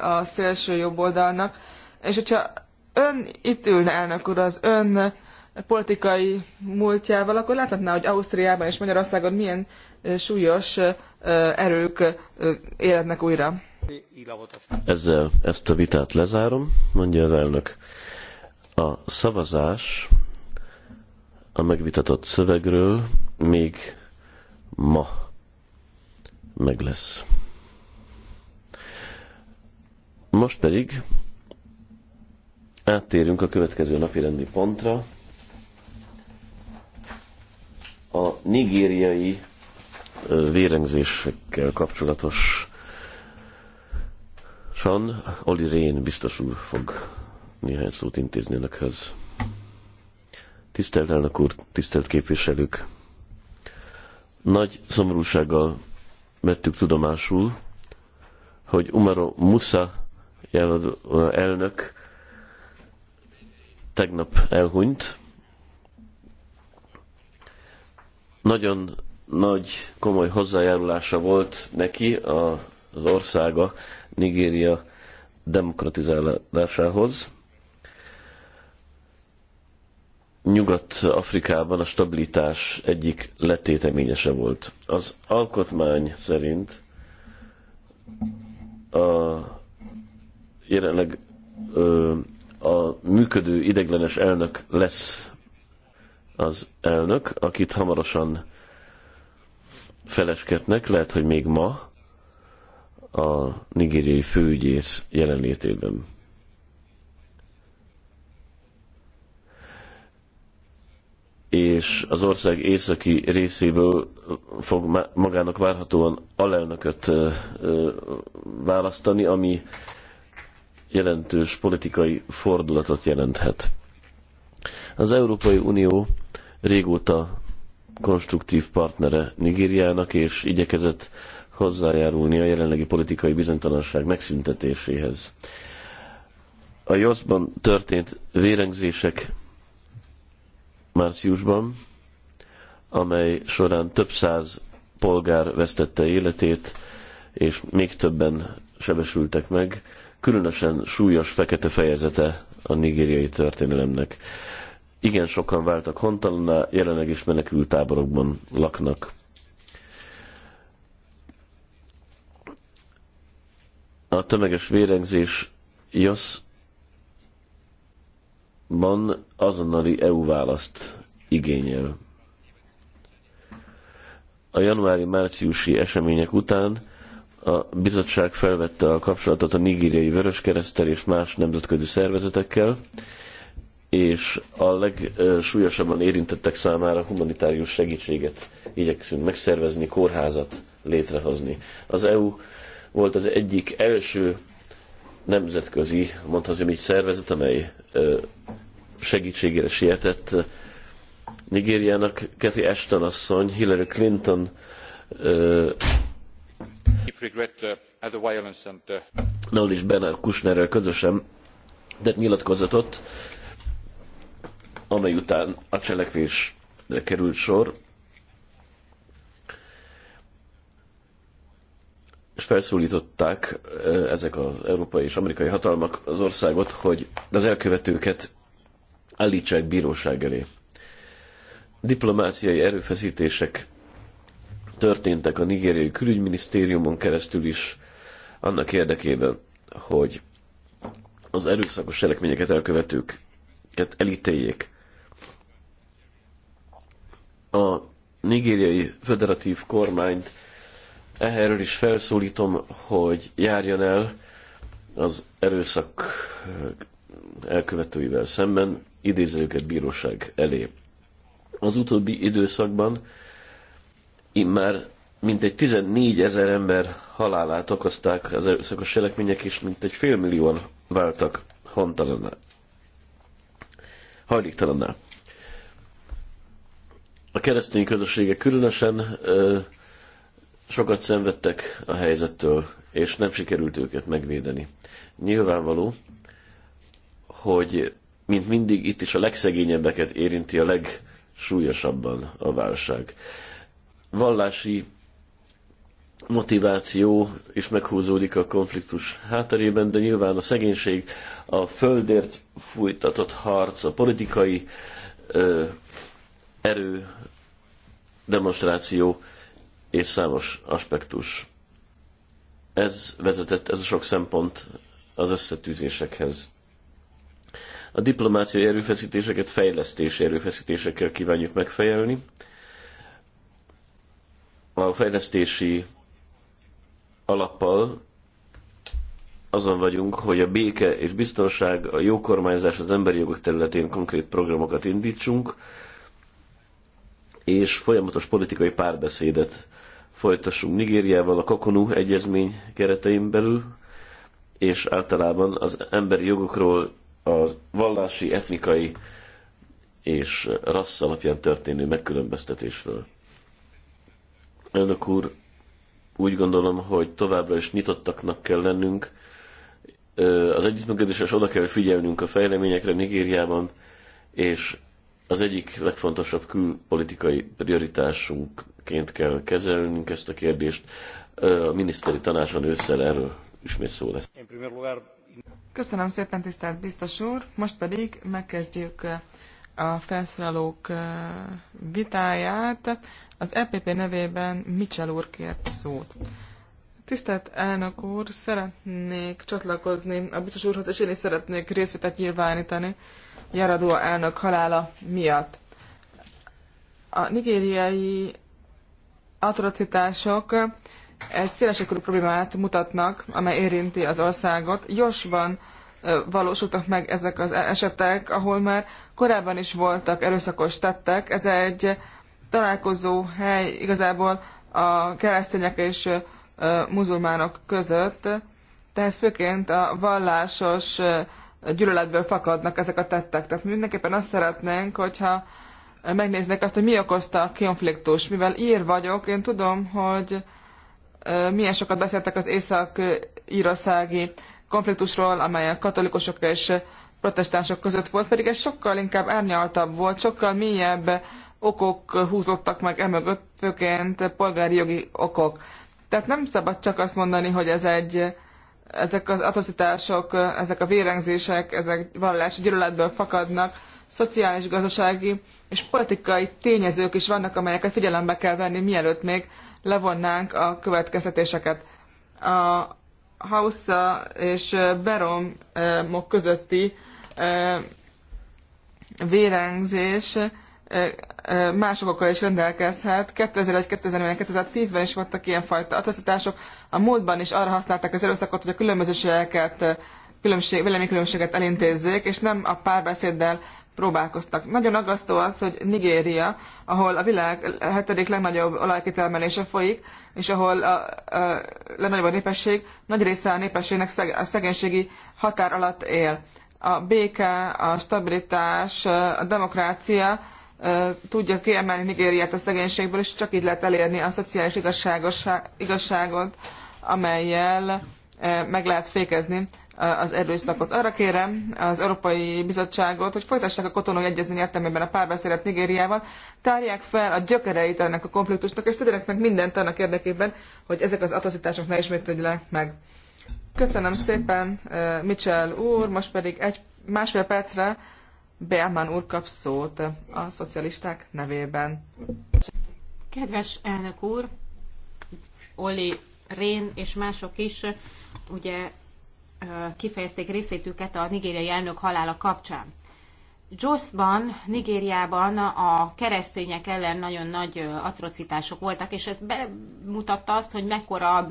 a szélső jobb oldalnak, és hogyha ön itt ülne, elnök úr, az ön politikai múltjával, akkor láthatná, hogy Ausztriában és Magyarországon milyen súlyos erők életnek újra. Ezzel ezt a vitát lezárom, mondja az elnök. A szavazás a megvitatott szövegről még ma meg lesz. Most pedig áttérünk a következő napi rendi pontra. A nigériai vérengzésekkel kapcsolatos Sean Oli Rén biztos úr fog néhány szót intézni önökhöz. Tisztelt elnök úr, tisztelt képviselők! Nagy szomorúsággal vettük tudomásul, hogy Umaro Musa jeladó elnök tegnap elhunyt. Nagyon nagy, komoly hozzájárulása volt neki az országa, Nigéria demokratizálásához. Nyugat-Afrikában a stabilitás egyik letéteményese volt. Az alkotmány szerint a jelenleg ö, a működő ideglenes elnök lesz az elnök, akit hamarosan felesketnek, lehet, hogy még ma a nigériai főügyész jelenlétében. és az ország északi részéből fog magának várhatóan alelnököt választani, ami jelentős politikai fordulatot jelenthet. Az Európai Unió régóta konstruktív partnere Nigériának, és igyekezett hozzájárulni a jelenlegi politikai bizonytalanság megszüntetéséhez. A Joszban történt vérengzések márciusban, amely során több száz polgár vesztette életét, és még többen sebesültek meg, különösen súlyos fekete fejezete a nigériai történelemnek. Igen sokan váltak hontalanná, jelenleg is menekültáborokban laknak. A tömeges vérengzés Joszban azonnali EU választ igényel. A januári-márciusi események után a bizottság felvette a kapcsolatot a nigériai vöröskereszttel és más nemzetközi szervezetekkel, és a legsúlyosabban érintettek számára humanitárius segítséget igyekszünk megszervezni, kórházat létrehozni. Az EU volt az egyik első nemzetközi, mondhatom így szervezet, amely segítségére sietett Nigériának. Kathy Ashton asszony, Hillary Clinton Noll uh, uh, is Bernard Kushnerrel közösen tett nyilatkozatot, amely után a cselekvésre került sor, és felszólították uh, ezek az európai és amerikai hatalmak az országot, hogy az elkövetőket állítsák bíróság elé. Diplomáciai erőfeszítések történtek a nigériai külügyminisztériumon keresztül is, annak érdekében, hogy az erőszakos cselekményeket elkövetőket elítéljék. A nigériai federatív kormányt erről is felszólítom, hogy járjon el az erőszak elkövetőivel szemben, idézőket őket bíróság elé. Az utóbbi időszakban immár mintegy 14 ezer ember halálát okozták az erőszakos cselekmények, és mintegy félmillióan váltak hontalanná. Hajléktalanná. A keresztény közössége különösen ö, sokat szenvedtek a helyzettől, és nem sikerült őket megvédeni. Nyilvánvaló, hogy mint mindig itt is a legszegényebbeket érinti a legsúlyosabban a válság vallási motiváció is meghúzódik a konfliktus hátterében, de nyilván a szegénység, a földért fújtatott harc, a politikai ö, erő, demonstráció és számos aspektus. Ez vezetett, ez a sok szempont az összetűzésekhez. A diplomáciai erőfeszítéseket fejlesztési erőfeszítésekkel kívánjuk megfejelni, a fejlesztési alappal azon vagyunk, hogy a béke és biztonság, a jó kormányzás az emberi jogok területén konkrét programokat indítsunk, és folyamatos politikai párbeszédet folytassunk Nigériával a Kokonu egyezmény keretein belül, és általában az emberi jogokról a vallási, etnikai és rassz alapján történő megkülönböztetésről. Elnök úr, úgy gondolom, hogy továbbra is nyitottaknak kell lennünk. Az együttműködéses oda kell figyelnünk a fejleményekre Nigériában, és az egyik legfontosabb külpolitikai prioritásunkként kell kezelnünk ezt a kérdést. A miniszteri tanácson ősszel erről ismét szó lesz. Köszönöm szépen, tisztelt biztos úr! Most pedig megkezdjük a felszólalók vitáját. Az EPP nevében Mitchell úr kért szót. Tisztelt elnök úr, szeretnék csatlakozni a biztos úrhoz, és én is szeretnék részvétet nyilvánítani Jaradó elnök halála miatt. A nigériai atrocitások egy szélesekörű problémát mutatnak, amely érinti az országot. Gyorsban valósultak meg ezek az esetek, ahol már korábban is voltak erőszakos tettek. Ez egy találkozó hely igazából a keresztények és muzulmánok között, tehát főként a vallásos gyűlöletből fakadnak ezek a tettek. Tehát mindenképpen azt szeretnénk, hogyha megnéznék azt, hogy mi okozta a konfliktus. Mivel ír vagyok, én tudom, hogy milyen sokat beszéltek az észak-írországi konfliktusról, amely a katolikusok és protestánsok között volt, pedig ez sokkal inkább árnyaltabb volt, sokkal mélyebb okok húzottak meg emögött, főként polgári jogi okok. Tehát nem szabad csak azt mondani, hogy ez egy, ezek az atrocitások, ezek a vérengzések, ezek vallási gyűlöletből fakadnak, szociális, gazdasági és politikai tényezők is vannak, amelyeket figyelembe kell venni, mielőtt még levonnánk a következtetéseket. A Hausza és Beromok eh, közötti eh, vérengzés más okokkal is rendelkezhet. 2001, 2010-ben is voltak ilyenfajta atrocitások. A múltban is arra használták az erőszakot, hogy a különbözőségeket, különbség, véleménykülönbséget elintézzék, és nem a párbeszéddel próbálkoztak. Nagyon aggasztó az, hogy Nigéria, ahol a világ hetedik legnagyobb olajkitermelése folyik, és ahol a, a legnagyobb a népesség, nagy része a népességnek szeg, a szegénységi határ alatt él. A béke, a stabilitás, a demokrácia, tudja kiemelni Nigériát a szegénységből, és csak így lehet elérni a szociális igazságot, amelyel meg lehet fékezni az erőszakot. Arra kérem az Európai Bizottságot, hogy folytassák a kotonói egyezmény értelmében a párbeszédet Nigériával, tárják fel a gyökereit ennek a konfliktusnak, és tegyenek meg mindent annak érdekében, hogy ezek az atrocitások ne ismétlődjenek meg. Köszönöm szépen, Mitchell úr, most pedig egy másfél percre Berman úr kap szót a szocialisták nevében. Kedves elnök úr, Oli Rén és mások is ugye kifejezték részétüket a nigériai elnök halála kapcsán. Joszban, Nigériában a keresztények ellen nagyon nagy atrocitások voltak, és ez bemutatta azt, hogy mekkora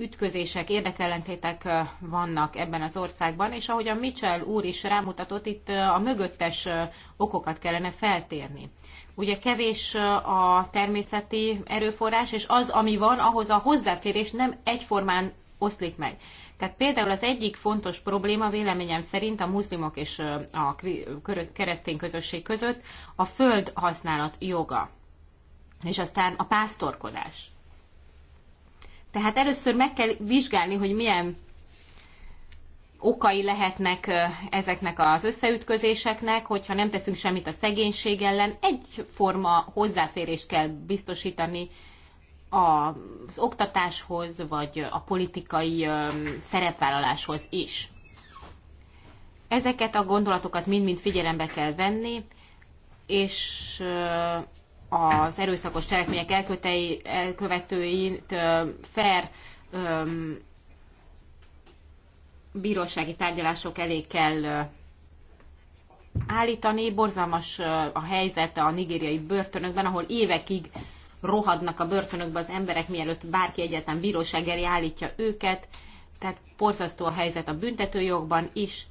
ütközések, érdekellentétek vannak ebben az országban, és ahogy a Mitchell úr is rámutatott, itt a mögöttes okokat kellene feltérni. Ugye kevés a természeti erőforrás, és az, ami van, ahhoz a hozzáférés nem egyformán oszlik meg. Tehát például az egyik fontos probléma véleményem szerint a muszlimok és a keresztény közösség között a földhasználat joga, és aztán a pásztorkodás. Tehát először meg kell vizsgálni, hogy milyen okai lehetnek ezeknek az összeütközéseknek, hogyha nem teszünk semmit a szegénység ellen. Egyforma hozzáférést kell biztosítani az oktatáshoz, vagy a politikai szerepvállaláshoz is. Ezeket a gondolatokat mind-mind figyelembe kell venni, és az erőszakos cselekmények elkötei, elkövetőit fair öm, bírósági tárgyalások elé kell állítani. Borzalmas a helyzet a nigériai börtönökben, ahol évekig rohadnak a börtönökbe az emberek, mielőtt bárki egyetlen bíróság elé állítja őket. Tehát porzasztó a helyzet a büntetőjogban is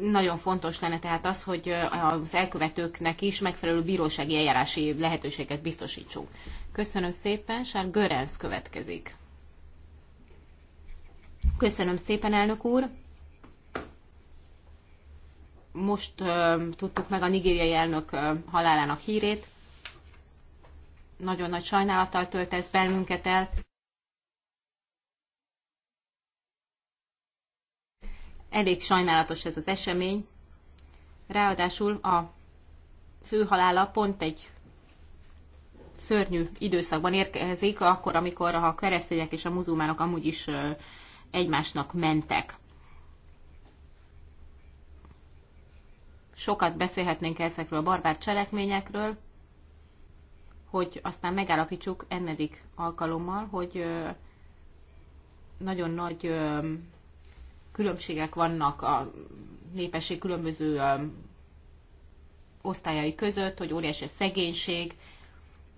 nagyon fontos lenne tehát az, hogy az elkövetőknek is megfelelő bírósági eljárási lehetőséget biztosítsunk. Köszönöm szépen, Sár Görenc következik. Köszönöm szépen, elnök úr! Most uh, tudtuk meg a nigériai elnök uh, halálának hírét. Nagyon nagy sajnálattal tölt ez bennünket el. Elég sajnálatos ez az esemény. Ráadásul a főhalála pont egy szörnyű időszakban érkezik, akkor, amikor a keresztények és a muzulmánok amúgy is egymásnak mentek. Sokat beszélhetnénk ezekről a barbár cselekményekről, hogy aztán megállapítsuk ennedik alkalommal, hogy nagyon nagy különbségek vannak a népesség különböző um, osztályai között, hogy óriási a szegénység,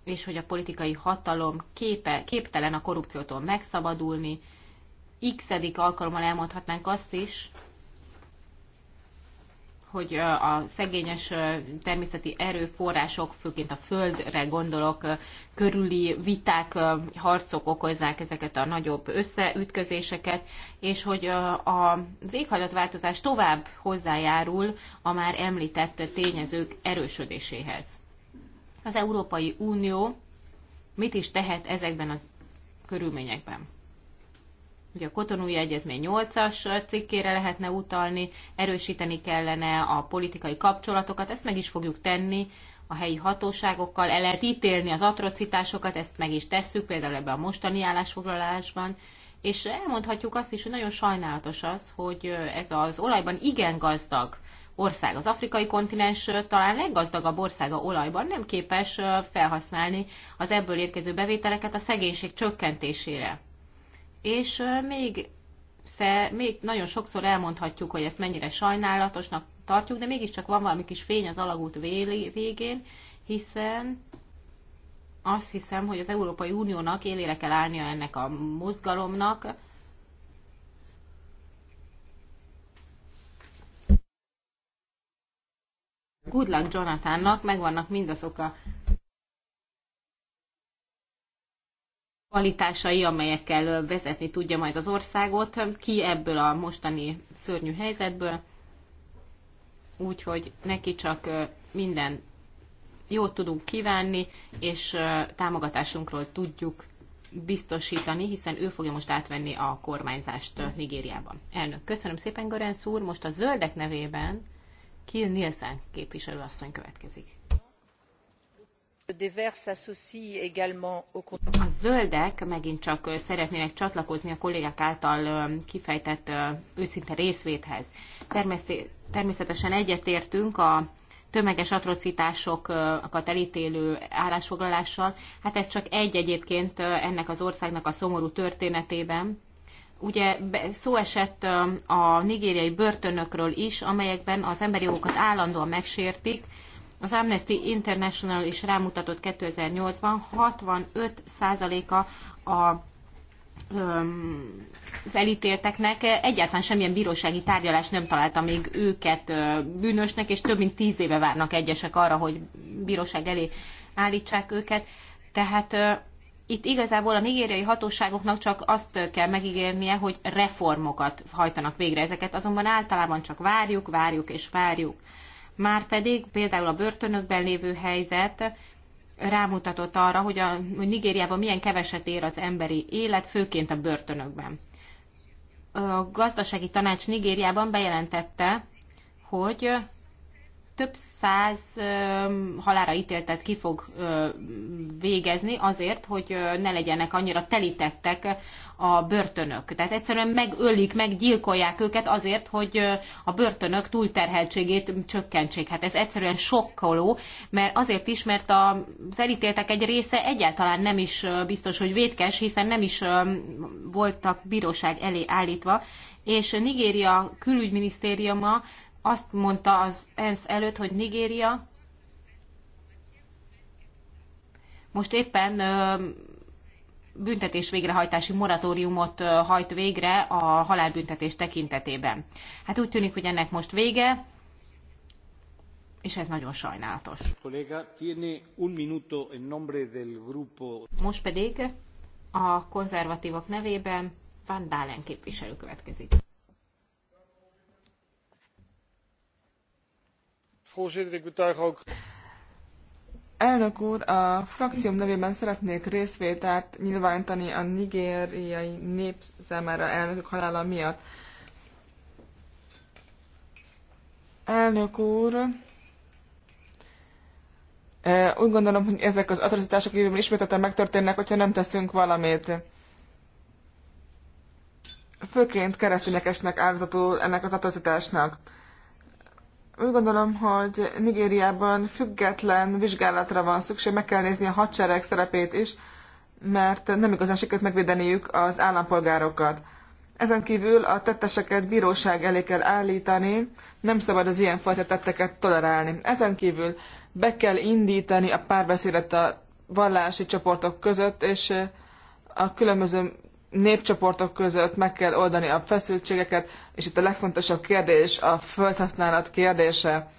és hogy a politikai hatalom képe, képtelen a korrupciótól megszabadulni. x alkalommal elmondhatnánk azt is, hogy a szegényes természeti erőforrások, főként a földre gondolok, körüli viták, harcok okozzák ezeket a nagyobb összeütközéseket, és hogy a éghajlatváltozás tovább hozzájárul a már említett tényezők erősödéséhez. Az Európai Unió mit is tehet ezekben a körülményekben? Ugye a kotonúi egyezmény 8-as cikkére lehetne utalni, erősíteni kellene a politikai kapcsolatokat, ezt meg is fogjuk tenni a helyi hatóságokkal, el lehet ítélni az atrocitásokat, ezt meg is tesszük, például ebben a mostani állásfoglalásban, és elmondhatjuk azt is, hogy nagyon sajnálatos az, hogy ez az olajban igen gazdag ország, az afrikai kontinens talán leggazdagabb országa olajban nem képes felhasználni az ebből érkező bevételeket a szegénység csökkentésére és még, még nagyon sokszor elmondhatjuk, hogy ezt mennyire sajnálatosnak tartjuk, de mégiscsak van valami kis fény az alagút végén, hiszen azt hiszem, hogy az Európai Uniónak élére kell állnia ennek a mozgalomnak, Good luck Jonathannak, megvannak mindazok a kvalitásai, amelyekkel vezetni tudja majd az országot ki ebből a mostani szörnyű helyzetből. Úgyhogy neki csak minden jót tudunk kívánni, és támogatásunkról tudjuk biztosítani, hiszen ő fogja most átvenni a kormányzást Nigériában. Elnök, köszönöm szépen, Garenc úr. Most a zöldek nevében Kill Nielsen képviselőasszony következik. A zöldek megint csak szeretnének csatlakozni a kollégák által kifejtett őszinte részvéthez. Természetesen egyetértünk a tömeges atrocitásokat elítélő állásfoglalással. Hát ez csak egy egyébként ennek az országnak a szomorú történetében. Ugye szó esett a nigériai börtönökről is, amelyekben az emberi jogokat állandóan megsértik, az Amnesty International is rámutatott 2008-ban 65%-a a az elítélteknek egyáltalán semmilyen bírósági tárgyalás nem találta még őket bűnösnek, és több mint tíz éve várnak egyesek arra, hogy bíróság elé állítsák őket. Tehát itt igazából a nigériai hatóságoknak csak azt kell megígérnie, hogy reformokat hajtanak végre ezeket, azonban általában csak várjuk, várjuk és várjuk. Márpedig például a börtönökben lévő helyzet rámutatott arra, hogy, a, hogy Nigériában milyen keveset ér az emberi élet, főként a börtönökben. A gazdasági tanács Nigériában bejelentette, hogy több száz halára ítéltet ki fog végezni azért, hogy ne legyenek annyira telítettek a börtönök. Tehát egyszerűen megölik, meggyilkolják őket azért, hogy a börtönök túlterheltségét csökkentsék. Hát ez egyszerűen sokkoló, mert azért is, mert az elítéltek egy része egyáltalán nem is biztos, hogy vétkes, hiszen nem is voltak bíróság elé állítva, és Nigéria külügyminisztériuma azt mondta az ENSZ előtt, hogy Nigéria most éppen büntetés végrehajtási moratóriumot hajt végre a halálbüntetés tekintetében. Hát úgy tűnik, hogy ennek most vége, és ez nagyon sajnálatos. Most pedig a konzervatívok nevében Van Dalen képviselő következik. Voorzitter, ik betuig ook. Elnök úr, a frakcióm nevében szeretnék részvételt nyilvánítani a nigériai népszemára elnökök halála miatt. Elnök úr, e, úgy gondolom, hogy ezek az atrocitások jövőben ismételten megtörténnek, hogyha nem teszünk valamit. Főként keresztényekesnek áldozatul ennek az atrocitásnak. Úgy gondolom, hogy Nigériában független vizsgálatra van szükség, meg kell nézni a hadsereg szerepét is, mert nem igazán sikerült megvédeniük az állampolgárokat. Ezen kívül a tetteseket bíróság elé kell állítani, nem szabad az ilyenfajta tetteket tolerálni. Ezen kívül be kell indítani a párbeszédet a vallási csoportok között, és a különböző népcsoportok között meg kell oldani a feszültségeket, és itt a legfontosabb kérdés a földhasználat kérdése.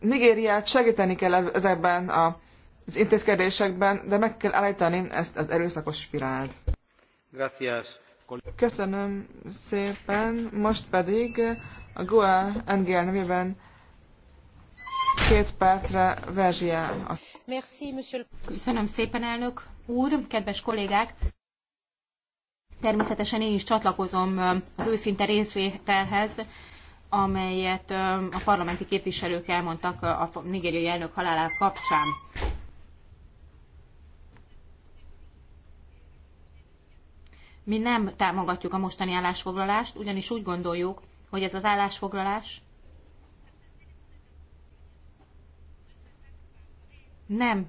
Nigériát segíteni kell ezekben a, az intézkedésekben, de meg kell állítani ezt az erőszakos spirált. Gracias. Köszönöm szépen, most pedig a Goa NGL nevében két percre Verzsia. Köszönöm szépen, elnök úr, kedves kollégák! Természetesen én is csatlakozom az őszinte részvételhez, amelyet a parlamenti képviselők elmondtak a nigériai elnök halálá kapcsán. Mi nem támogatjuk a mostani állásfoglalást, ugyanis úgy gondoljuk, hogy ez az állásfoglalás nem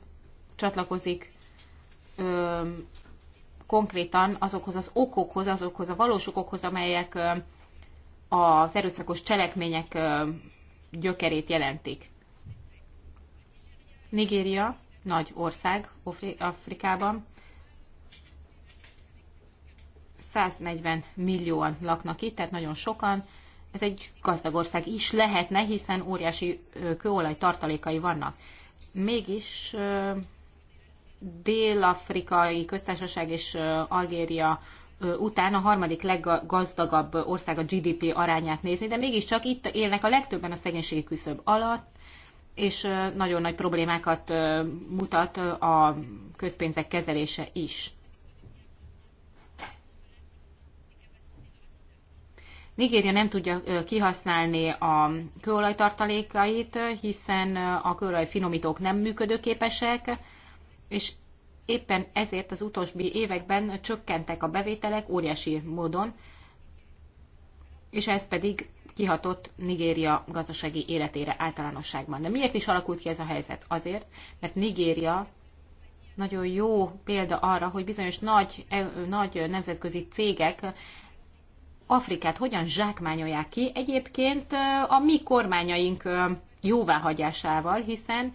csatlakozik konkrétan azokhoz az okokhoz, azokhoz a valós okokhoz, amelyek az erőszakos cselekmények gyökerét jelentik. Nigéria, nagy ország Afrikában, 140 millióan laknak itt, tehát nagyon sokan. Ez egy gazdag ország is lehetne, hiszen óriási kőolaj tartalékai vannak. Mégis Dél-Afrikai Köztársaság és Algéria után a harmadik leggazdagabb ország a GDP arányát nézni, de mégiscsak itt élnek a legtöbben a szegénységi küszöb alatt, és nagyon nagy problémákat mutat a közpénzek kezelése is. Nigéria nem tudja kihasználni a kőolajtartalékait, hiszen a kőolaj finomítók nem működőképesek, és éppen ezért az utóbbi években csökkentek a bevételek óriási módon, és ez pedig kihatott Nigéria gazdasági életére általánosságban. De miért is alakult ki ez a helyzet? Azért, mert Nigéria nagyon jó példa arra, hogy bizonyos nagy, e, nagy nemzetközi cégek Afrikát hogyan zsákmányolják ki, egyébként a mi kormányaink jóváhagyásával, hiszen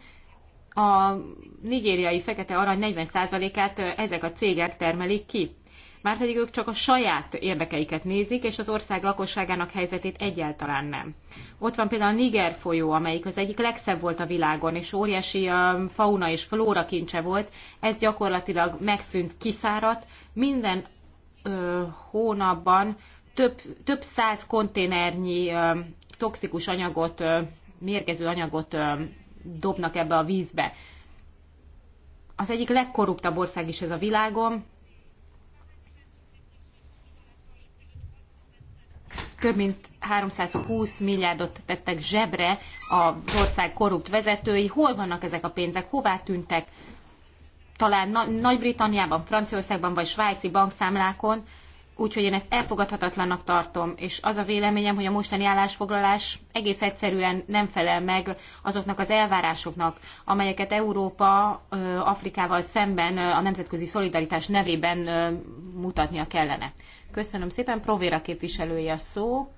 a nigériai fekete arany 40%-át ezek a cégek termelik ki. Márpedig ők csak a saját érdekeiket nézik, és az ország lakosságának helyzetét egyáltalán nem. Ott van például a Niger folyó, amelyik az egyik legszebb volt a világon, és óriási fauna és flóra kincse volt. Ez gyakorlatilag megszűnt, kiszáradt. Minden ö, hónapban több, több száz konténernyi ö, toxikus anyagot, ö, mérgező anyagot ö, dobnak ebbe a vízbe. Az egyik legkorruptabb ország is ez a világom. Több mint 320 milliárdot tettek zsebre az ország korrupt vezetői. Hol vannak ezek a pénzek? Hová tűntek? Talán Na- Nagy-Britanniában, Franciaországban vagy svájci bankszámlákon Úgyhogy én ezt elfogadhatatlannak tartom, és az a véleményem, hogy a mostani állásfoglalás egész egyszerűen nem felel meg azoknak az elvárásoknak, amelyeket Európa Afrikával szemben a nemzetközi szolidaritás nevében mutatnia kellene. Köszönöm szépen, Provéra képviselője a szó,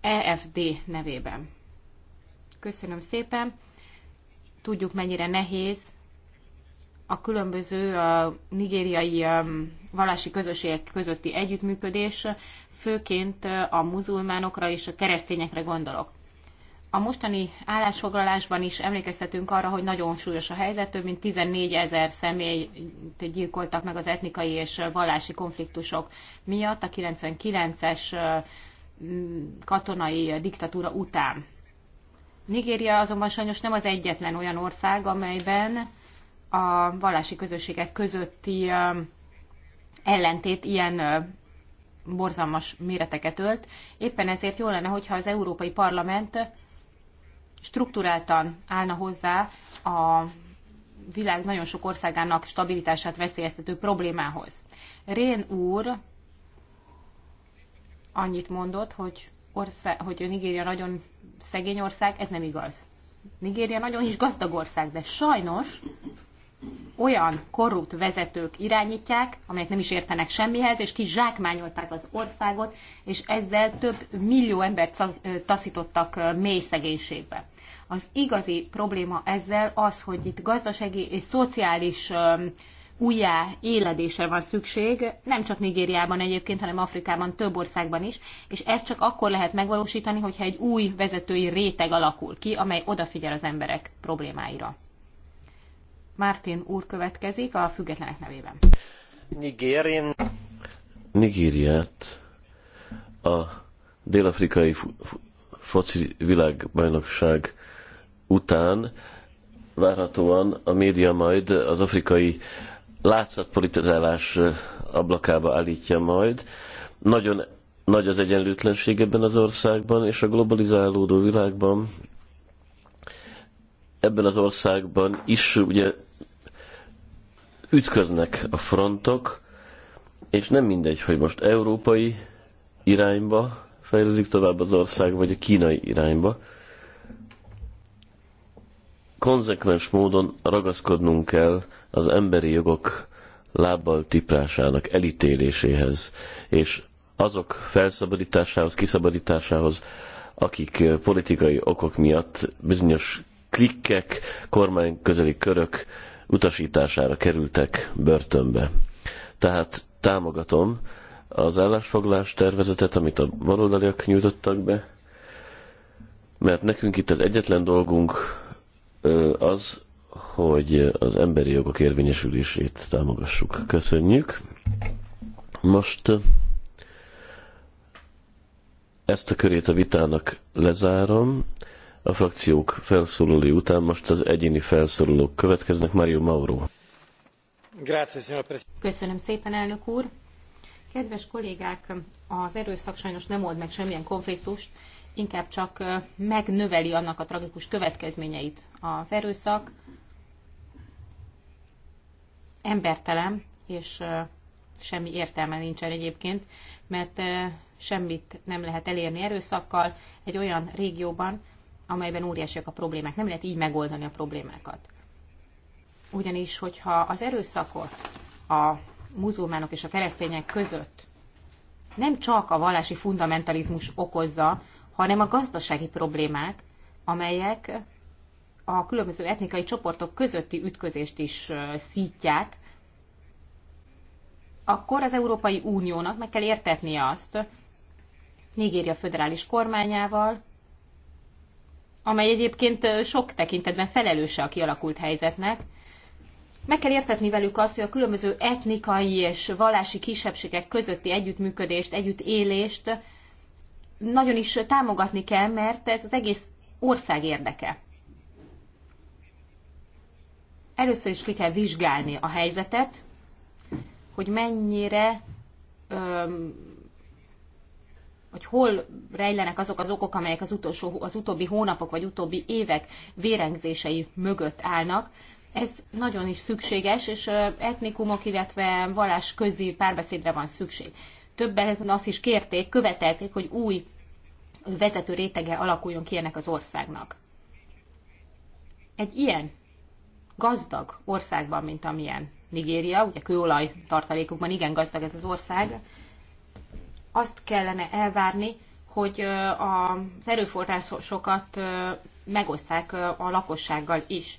EFD nevében. Köszönöm szépen. Tudjuk, mennyire nehéz a különböző a nigériai um, vallási közösségek közötti együttműködés, főként uh, a muzulmánokra és a keresztényekre gondolok. A mostani állásfoglalásban is emlékeztetünk arra, hogy nagyon súlyos a helyzet, több mint 14 ezer személy gyilkoltak meg az etnikai és vallási konfliktusok miatt a 99-es uh, katonai diktatúra után. Nigéria azonban sajnos nem az egyetlen olyan ország, amelyben a vallási közösségek közötti ellentét ilyen borzalmas méreteket ölt. Éppen ezért jó lenne, hogyha az Európai Parlament strukturáltan állna hozzá a világ nagyon sok országának stabilitását veszélyeztető problémához. Rén úr annyit mondott, hogy, ország, hogy Nigéria nagyon szegény ország, ez nem igaz. Nigéria nagyon is gazdag ország, de sajnos olyan korrupt vezetők irányítják, amelyek nem is értenek semmihez, és ki zsákmányolták az országot, és ezzel több millió embert taszítottak mély szegénységbe. Az igazi probléma ezzel az, hogy itt gazdasági és szociális újjá éledésre van szükség, nem csak Nigériában egyébként, hanem Afrikában, több országban is, és ezt csak akkor lehet megvalósítani, hogyha egy új vezetői réteg alakul ki, amely odafigyel az emberek problémáira. Martin úr következik a függetlenek nevében. Nigérin. Nigériát a dél-afrikai foci világbajnokság után várhatóan a média majd az afrikai látszatpolitizálás ablakába állítja majd. Nagyon nagy az egyenlőtlenség ebben az országban, és a globalizálódó világban ebben az országban is ugye ütköznek a frontok, és nem mindegy, hogy most európai irányba fejlődik tovább az ország, vagy a kínai irányba. Konzekvens módon ragaszkodnunk kell az emberi jogok lábbal tiprásának elítéléséhez, és azok felszabadításához, kiszabadításához, akik politikai okok miatt bizonyos klikkek, kormány közeli körök utasítására kerültek börtönbe. Tehát támogatom az állásfoglás tervezetet, amit a baloldaliak nyújtottak be, mert nekünk itt az egyetlen dolgunk az, hogy az emberi jogok érvényesülését támogassuk. Köszönjük. Most ezt a körét a vitának lezárom. A frakciók felszólalói után most az egyéni felszólalók következnek. Mario Mauro. Köszönöm szépen, elnök úr. Kedves kollégák, az erőszak sajnos nem old meg semmilyen konfliktust, inkább csak megnöveli annak a tragikus következményeit. Az erőszak embertelen, és semmi értelme nincsen egyébként, mert semmit nem lehet elérni erőszakkal egy olyan régióban, amelyben óriásiak a problémák. Nem lehet így megoldani a problémákat. Ugyanis, hogyha az erőszakot a muzulmánok és a keresztények között nem csak a vallási fundamentalizmus okozza, hanem a gazdasági problémák, amelyek a különböző etnikai csoportok közötti ütközést is szítják, akkor az Európai Uniónak meg kell értetni azt Nigéria föderális kormányával, amely egyébként sok tekintetben felelőse a kialakult helyzetnek. Meg kell értetni velük azt, hogy a különböző etnikai és vallási kisebbségek közötti együttműködést, együttélést nagyon is támogatni kell, mert ez az egész ország érdeke. Először is ki kell vizsgálni a helyzetet, hogy mennyire hogy hol rejlenek azok az okok, amelyek az, utolsó, az utóbbi hónapok vagy utóbbi évek vérengzései mögött állnak. Ez nagyon is szükséges, és etnikumok, illetve vallás közi párbeszédre van szükség. Többen azt is kérték, követelték, hogy új vezető rétege alakuljon ki ennek az országnak. Egy ilyen gazdag országban, mint amilyen Nigéria, ugye kőolaj tartalékokban igen gazdag ez az ország, azt kellene elvárni, hogy az erőforrásokat megoszták a lakossággal is.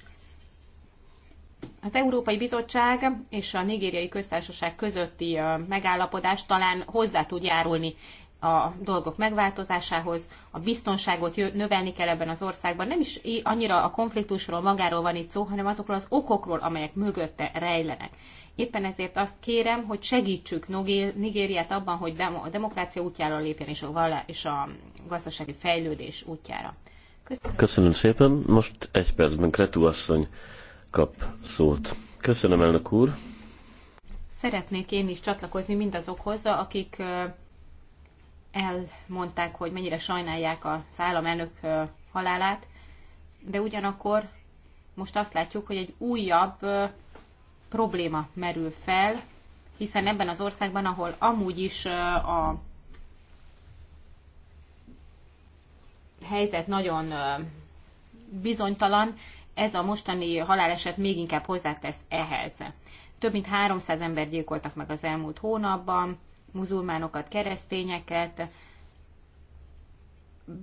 Az Európai Bizottság és a Nigériai Köztársaság közötti megállapodás talán hozzá tud járulni a dolgok megváltozásához, a biztonságot növelni kell ebben az országban. Nem is annyira a konfliktusról magáról van itt szó, hanem azokról az okokról, amelyek mögötte rejlenek. Éppen ezért azt kérem, hogy segítsük Nigériát abban, hogy a demokrácia útjára lépjen és a, vallá- és a gazdasági fejlődés útjára. Köszönöm. Köszönöm szépen. Most egy percben Kretu asszony kap szót. Köszönöm, elnök úr. Szeretnék én is csatlakozni mindazokhoz, akik elmondták, hogy mennyire sajnálják az államelnök halálát, de ugyanakkor most azt látjuk, hogy egy újabb probléma merül fel, hiszen ebben az országban, ahol amúgy is a helyzet nagyon bizonytalan, ez a mostani haláleset még inkább hozzátesz ehhez. Több mint 300 ember gyilkoltak meg az elmúlt hónapban, muzulmánokat, keresztényeket,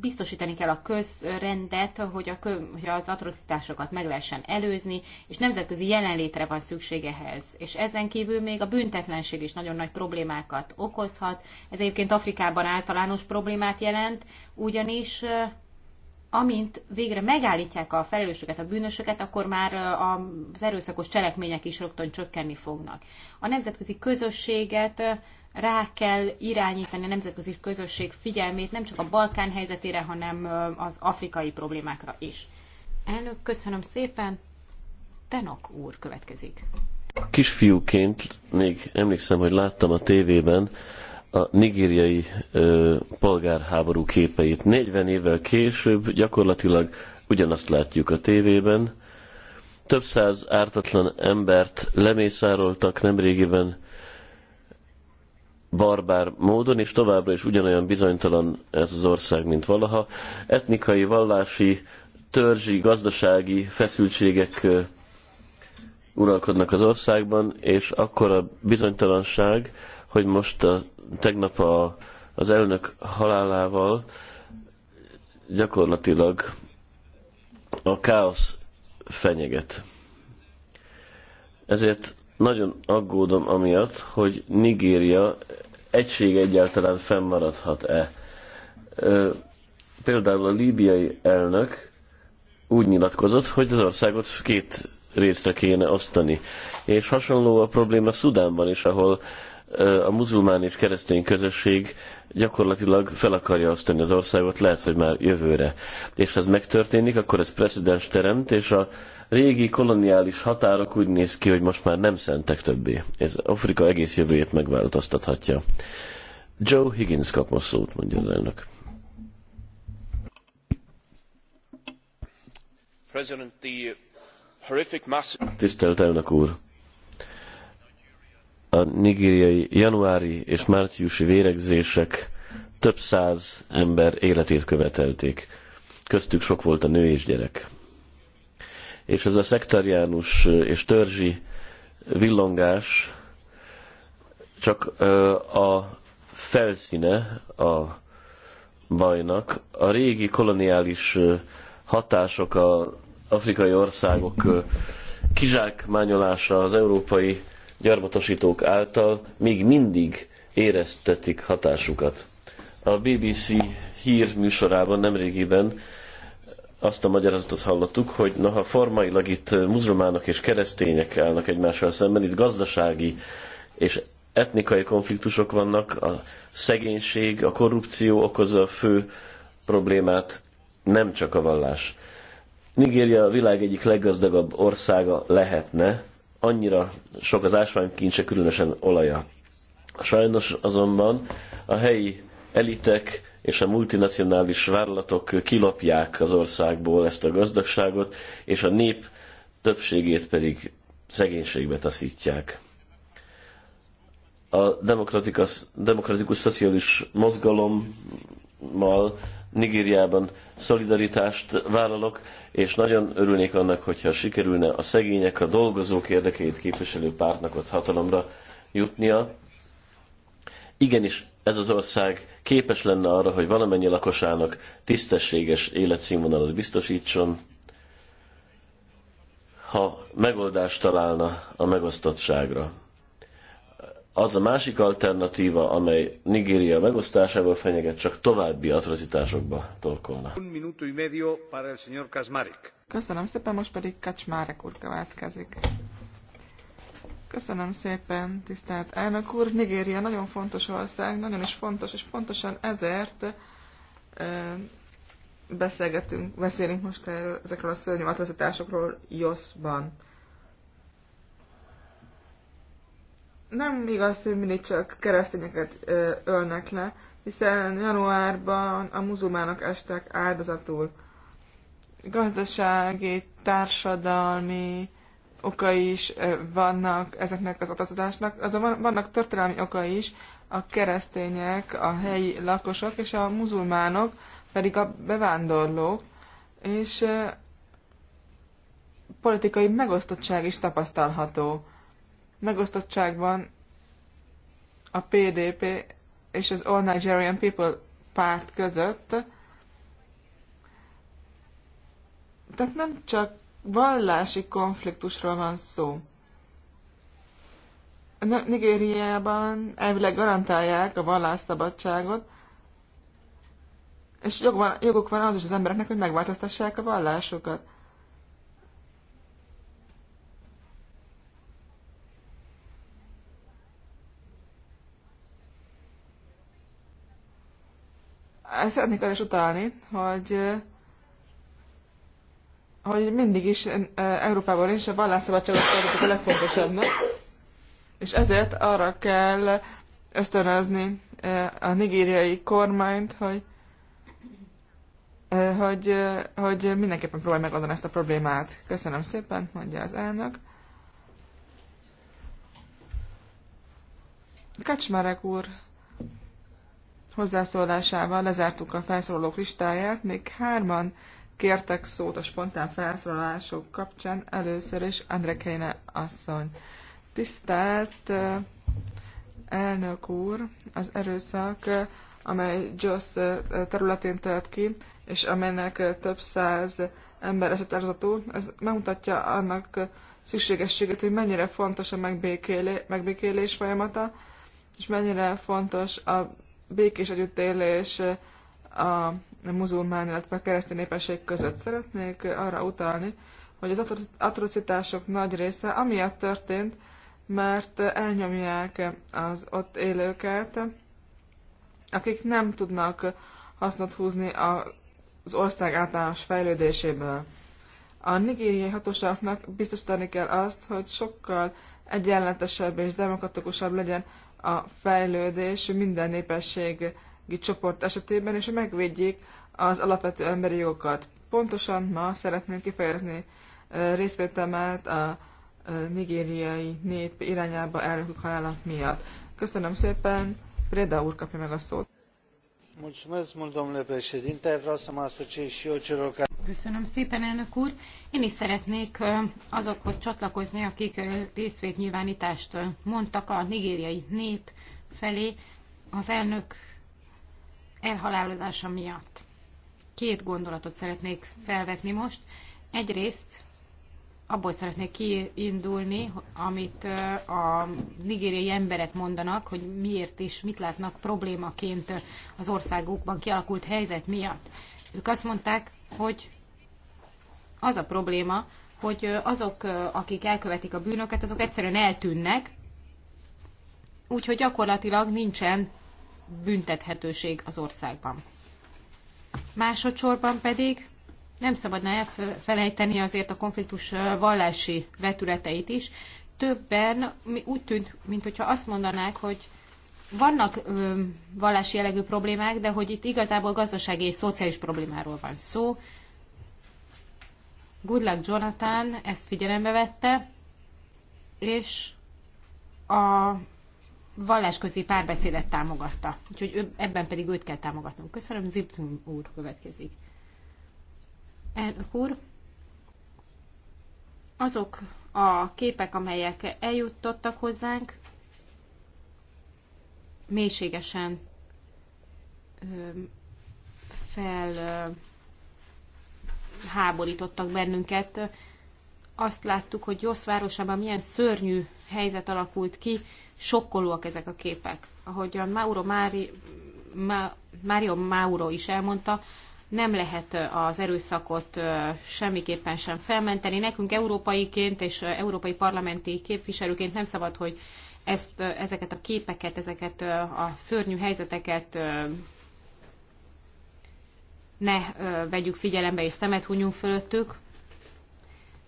biztosítani kell a közrendet, hogy, a, hogy az atrocitásokat meg lehessen előzni, és nemzetközi jelenlétre van szükség ehhez. És ezen kívül még a büntetlenség is nagyon nagy problémákat okozhat. Ez egyébként Afrikában általános problémát jelent, ugyanis amint végre megállítják a felelősöket, a bűnösöket, akkor már az erőszakos cselekmények is rögtön csökkenni fognak. A nemzetközi közösséget rá kell irányítani a nemzetközi közösség figyelmét nem csak a Balkán helyzetére, hanem az afrikai problémákra is. Elnök, köszönöm szépen. Tenok úr következik. Kisfiúként még emlékszem, hogy láttam a tévében a nigériai ö, polgárháború képeit. 40 évvel később gyakorlatilag ugyanazt látjuk a tévében. Több száz ártatlan embert lemészároltak nemrégiben, barbár módon, és továbbra is ugyanolyan bizonytalan ez az ország, mint valaha. Etnikai, vallási, törzsi, gazdasági feszültségek uralkodnak az országban, és akkor a bizonytalanság, hogy most a, tegnap a, az elnök halálával gyakorlatilag a káosz fenyeget. Ezért nagyon aggódom amiatt, hogy Nigéria egység egyáltalán fennmaradhat-e. Például a líbiai elnök úgy nyilatkozott, hogy az országot két részre kéne osztani. És hasonló a probléma Szudánban is, ahol a muzulmán és keresztény közösség gyakorlatilag fel akarja osztani az országot, lehet, hogy már jövőre. És ha ez megtörténik, akkor ez precedens teremt, és a régi koloniális határok úgy néz ki, hogy most már nem szentek többé. Ez Afrika egész jövőjét megváltoztathatja. Joe Higgins kap most szót, mondja az elnök. Tisztelt elnök úr! A nigériai januári és márciusi véregzések több száz ember életét követelték. Köztük sok volt a nő és gyerek és ez a szektariánus és törzsi villongás csak a felszíne a bajnak. A régi koloniális hatások, a afrikai országok kizsákmányolása az európai gyarmatosítók által még mindig éreztetik hatásukat. A BBC hír műsorában nemrégiben azt a magyarázatot hallottuk, hogy na, ha formailag itt muzulmánok és keresztények állnak egymással szemben, itt gazdasági és etnikai konfliktusok vannak, a szegénység, a korrupció okozza a fő problémát, nem csak a vallás. Nigéria a világ egyik leggazdagabb országa lehetne, annyira sok az ásványkincse, különösen olaja. Sajnos azonban a helyi elitek és a multinacionális vállalatok kilapják az országból ezt a gazdagságot, és a nép többségét pedig szegénységbe taszítják. A demokratikus, demokratikus szociális mozgalommal Nigériában szolidaritást vállalok, és nagyon örülnék annak, hogyha sikerülne a szegények, a dolgozók érdekeit képviselő pártnak ott hatalomra jutnia. Igenis ez az ország képes lenne arra, hogy valamennyi lakosának tisztességes életszínvonalat biztosítson, ha megoldást találna a megosztottságra. Az a másik alternatíva, amely Nigéria megosztásával fenyeget, csak további atrocitásokba torkolna. Köszönöm szépen, most pedig Kacsmárek úr következik. Köszönöm szépen, tisztelt elnök úr. Nigéria nagyon fontos ország, nagyon is fontos, és pontosan ezért beszélgetünk, beszélünk most erről, ezekről a szörnyű atrocitásokról Joszban. Nem igaz, hogy mindig csak keresztényeket ölnek le, hiszen januárban a muzulmánok estek áldozatul. Gazdasági, társadalmi, okai is vannak ezeknek az adóztatásnak, azonban vannak történelmi okai is, a keresztények, a helyi lakosok és a muzulmánok, pedig a bevándorlók, és politikai megosztottság is tapasztalható. Megosztottságban a PDP és az All Nigerian People párt között. Tehát nem csak vallási konfliktusról van szó. Nigériában elvileg garantálják a vallásszabadságot, és jog van, joguk van az is az embereknek, hogy megváltoztassák a vallásokat. Szeretnék arra is utalni, hogy hogy mindig is eh, Európában is a vallásszabadságot tartottak a legfontosabbnak, és ezért arra kell ösztönözni eh, a nigériai kormányt, hogy, eh, hogy, hogy mindenképpen próbálj megoldani ezt a problémát. Köszönöm szépen, mondja az elnök. Kacsmarek úr hozzászólásával lezártuk a felszólalók listáját, még hárman kértek szót a spontán felszólalások kapcsán. Először is Andre Keine asszony. Tisztelt elnök úr, az erőszak, amely Joss területén tört ki, és amelynek több száz ember esett áldozatú, ez megmutatja annak szükségességét, hogy mennyire fontos a megbékélé, megbékélés folyamata, és mennyire fontos a békés együttélés a muzulmán, illetve a keresztény népesség között. Szeretnék arra utalni, hogy az atrocitások nagy része amiatt történt, mert elnyomják az ott élőket, akik nem tudnak hasznot húzni az ország általános fejlődéséből. A nigériai hatóságnak biztosítani kell azt, hogy sokkal egyenletesebb és demokratikusabb legyen a fejlődés minden népesség csoport esetében, és megvédjék az alapvető emberi jogokat. Pontosan ma szeretném kifejezni részvételmet a nigériai nép irányába elnökük halála miatt. Köszönöm szépen, Preda úr kapja meg a szót. Köszönöm szépen, elnök úr. Én is szeretnék azokhoz csatlakozni, akik részvétnyilvánítást mondtak a nigériai nép felé. Az elnök elhalálozása miatt. Két gondolatot szeretnék felvetni most. Egyrészt abból szeretnék kiindulni, amit a nigériai emberek mondanak, hogy miért és mit látnak problémaként az országukban kialakult helyzet miatt. Ők azt mondták, hogy az a probléma, hogy azok, akik elkövetik a bűnöket, azok egyszerűen eltűnnek, úgyhogy gyakorlatilag nincsen büntethetőség az országban. Másodszorban pedig nem szabadna elfelejteni azért a konfliktus vallási vetületeit is. Többen úgy tűnt, mintha azt mondanák, hogy vannak ö, vallási jellegű problémák, de hogy itt igazából gazdasági és szociális problémáról van szó. Good luck Jonathan ezt figyelembe vette, és a vallásközi párbeszédet támogatta. Úgyhogy ebben pedig őt kell támogatnunk. Köszönöm, Zipfum úr következik. Elnök úr, azok a képek, amelyek eljuttottak hozzánk, mélységesen fel háborítottak bennünket. Azt láttuk, hogy Josz városában milyen szörnyű helyzet alakult ki, sokkolóak ezek a képek. Ahogy a Mauro Mári, Ma, Mário Mauro is elmondta, nem lehet az erőszakot semmiképpen sem felmenteni. Nekünk európaiként és európai parlamenti képviselőként nem szabad, hogy ezt, ezeket a képeket, ezeket a szörnyű helyzeteket ne vegyük figyelembe és szemet hunyunk fölöttük.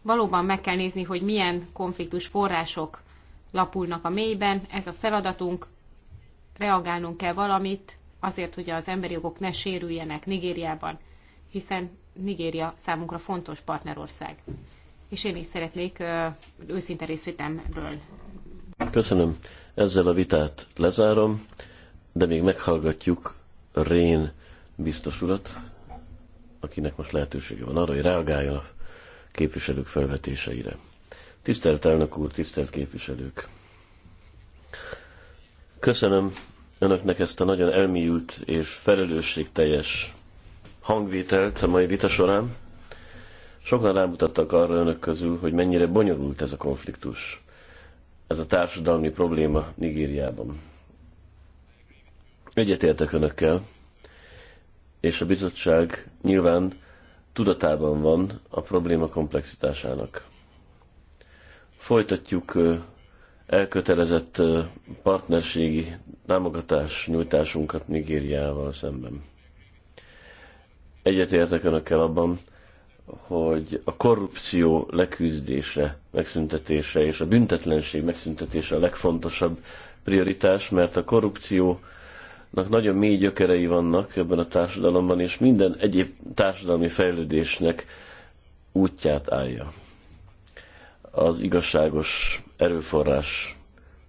Valóban meg kell nézni, hogy milyen konfliktus források lapulnak a mélyben, ez a feladatunk, reagálnunk kell valamit azért, hogy az emberi jogok ne sérüljenek Nigériában, hiszen Nigéria számunkra fontos partnerország. És én is szeretnék őszinte részvétemről. Köszönöm. Ezzel a vitát lezárom, de még meghallgatjuk Rén biztos urat, akinek most lehetősége van arra, hogy reagáljon a képviselők felvetéseire. Tisztelt elnök úr, tisztelt képviselők! Köszönöm önöknek ezt a nagyon elmélyült és felelősségteljes hangvételt a mai vita során. Sokan rámutattak arra önök közül, hogy mennyire bonyolult ez a konfliktus, ez a társadalmi probléma Nigériában. Egyetértek önökkel, és a bizottság nyilván tudatában van a probléma komplexitásának. Folytatjuk elkötelezett partnerségi támogatás nyújtásunkat Nigériával szemben. Egyetértek önökkel abban, hogy a korrupció leküzdése, megszüntetése és a büntetlenség megszüntetése a legfontosabb prioritás, mert a korrupciónak nagyon mély gyökerei vannak ebben a társadalomban, és minden egyéb társadalmi fejlődésnek útját állja az igazságos erőforrás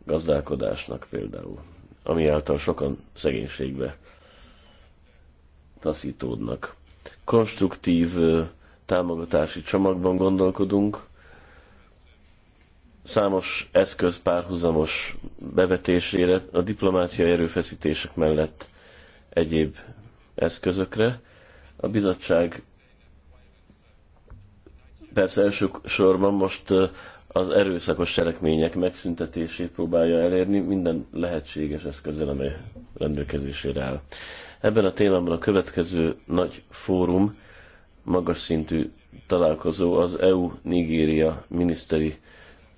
gazdálkodásnak például, ami által sokan szegénységbe taszítódnak. Konstruktív támogatási csomagban gondolkodunk, számos eszköz párhuzamos bevetésére, a diplomáciai erőfeszítések mellett egyéb eszközökre. A bizottság persze elsősorban most az erőszakos cselekmények megszüntetését próbálja elérni minden lehetséges eszközzel, amely rendelkezésére áll. Ebben a témában a következő nagy fórum, magas szintű találkozó az EU-Nigéria miniszteri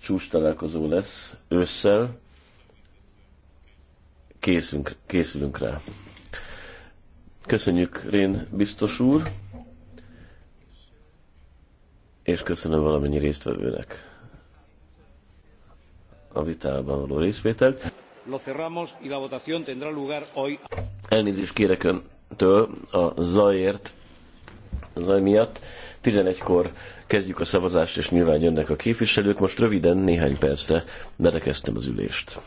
csúcs találkozó lesz ősszel. Készünk, készülünk rá. Köszönjük, Rén biztos úr! és köszönöm valamennyi résztvevőnek a vitában való részvételt. Lo cerramos y la votación tendrá lugar hoy. Elnézést kérek öntől a zajért, a zaj miatt. 11-kor kezdjük a szavazást, és nyilván jönnek a képviselők. Most röviden, néhány percre berekeztem az ülést.